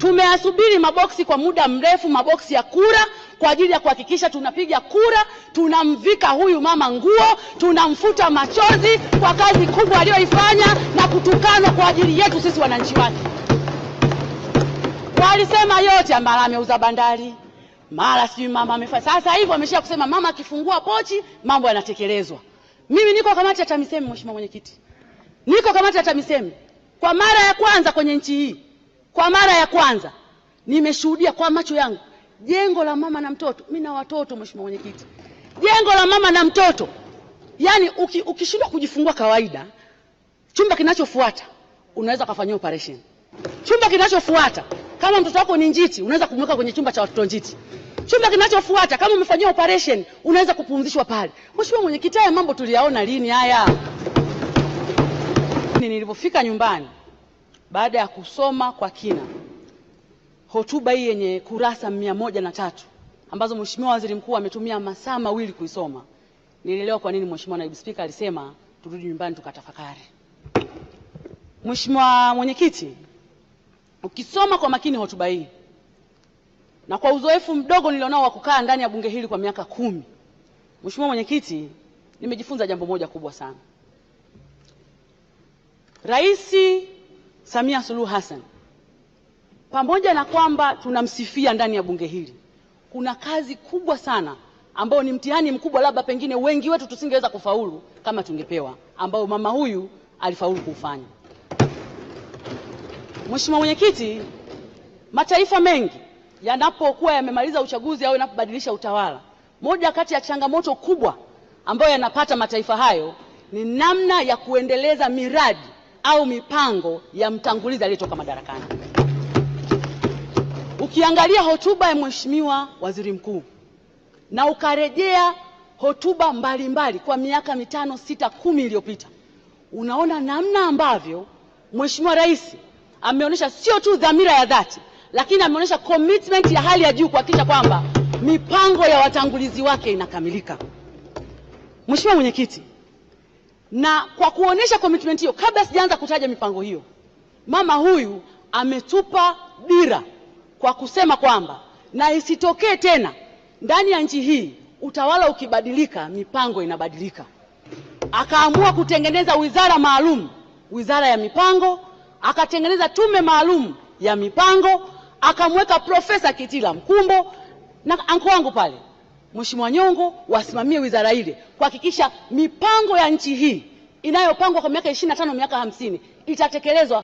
Tumeyasubiri maboksi kwa muda mrefu, maboksi ya kura kwa ajili ya kuhakikisha tunapiga kura, tunamvika huyu mama nguo, tunamfuta machozi kwa kazi kubwa aliyoifanya na kutukanwa kwa ajili yetu sisi wananchi wake. Walisema yote, mara ameuza bandari, mara sijui mama amefanya. Sasa hivi ameshia kusema mama akifungua pochi mambo yanatekelezwa. Mimi niko kamati ya TAMISEMI, mheshimiwa mwenyekiti, niko kamati ya TAMISEMI kwa mara ya kwanza kwenye nchi hii kwa mara ya kwanza nimeshuhudia kwa macho yangu jengo la mama na mtoto. Mimi na watoto, mheshimiwa mwenyekiti, jengo la mama na mtoto, yani ukishindwa uki kujifungua kawaida, chumba kinachofuata unaweza kufanyia operation. Chumba kinachofuata kama mtoto wako ni njiti, unaweza kumweka kwenye chumba cha watoto njiti. Chumba kinachofuata kama umefanyia operation, unaweza kupumzishwa pale. Mheshimiwa mwenyekiti, haya mambo tuliyaona lini haya? Nilipofika nyumbani baada ya kusoma kwa kina hotuba hii yenye kurasa mia moja na tatu ambazo Mheshimiwa Waziri Mkuu ametumia masaa mawili kuisoma, nilielewa kwa nini Mheshimiwa Naibu Spika alisema turudi nyumbani tukatafakari. Mheshimiwa Mwenyekiti, ukisoma kwa makini hotuba hii na kwa uzoefu mdogo nilionao wa kukaa ndani ya bunge hili kwa miaka kumi, Mheshimiwa Mwenyekiti, nimejifunza jambo moja kubwa sana. Raisi Samia Suluhu Hassan, pamoja na kwamba tunamsifia ndani ya bunge hili, kuna kazi kubwa sana ambayo ni mtihani mkubwa, labda pengine wengi wetu tusingeweza kufaulu kama tungepewa, ambayo mama huyu alifaulu kuufanya. Mheshimiwa Mwenyekiti, mataifa mengi yanapokuwa yamemaliza uchaguzi au yanapobadilisha utawala, moja kati ya changamoto kubwa ambayo yanapata mataifa hayo ni namna ya kuendeleza miradi au mipango ya mtangulizi aliyetoka madarakani. Ukiangalia hotuba ya Mheshimiwa Waziri Mkuu na ukarejea hotuba mbalimbali mbali kwa miaka mitano, sita, kumi iliyopita, unaona namna ambavyo Mheshimiwa Rais ameonyesha sio tu dhamira ya dhati, lakini ameonyesha commitment ya hali ya juu kuhakikisha kwamba mipango ya watangulizi wake inakamilika. Mheshimiwa Mwenyekiti, na kwa kuonyesha commitment hiyo, kabla sijaanza kutaja mipango hiyo, mama huyu ametupa dira kwa kusema kwamba na isitokee tena ndani ya nchi hii utawala ukibadilika, mipango inabadilika. Akaamua kutengeneza wizara maalum, wizara ya mipango, akatengeneza tume maalum ya mipango, akamweka Profesa Kitila Mkumbo na anko wangu pale Mheshimiwa Nyongo wasimamie wizara ile kuhakikisha mipango ya nchi hii inayopangwa kwa miaka ishirini na tano miaka hamsini itatekelezwa.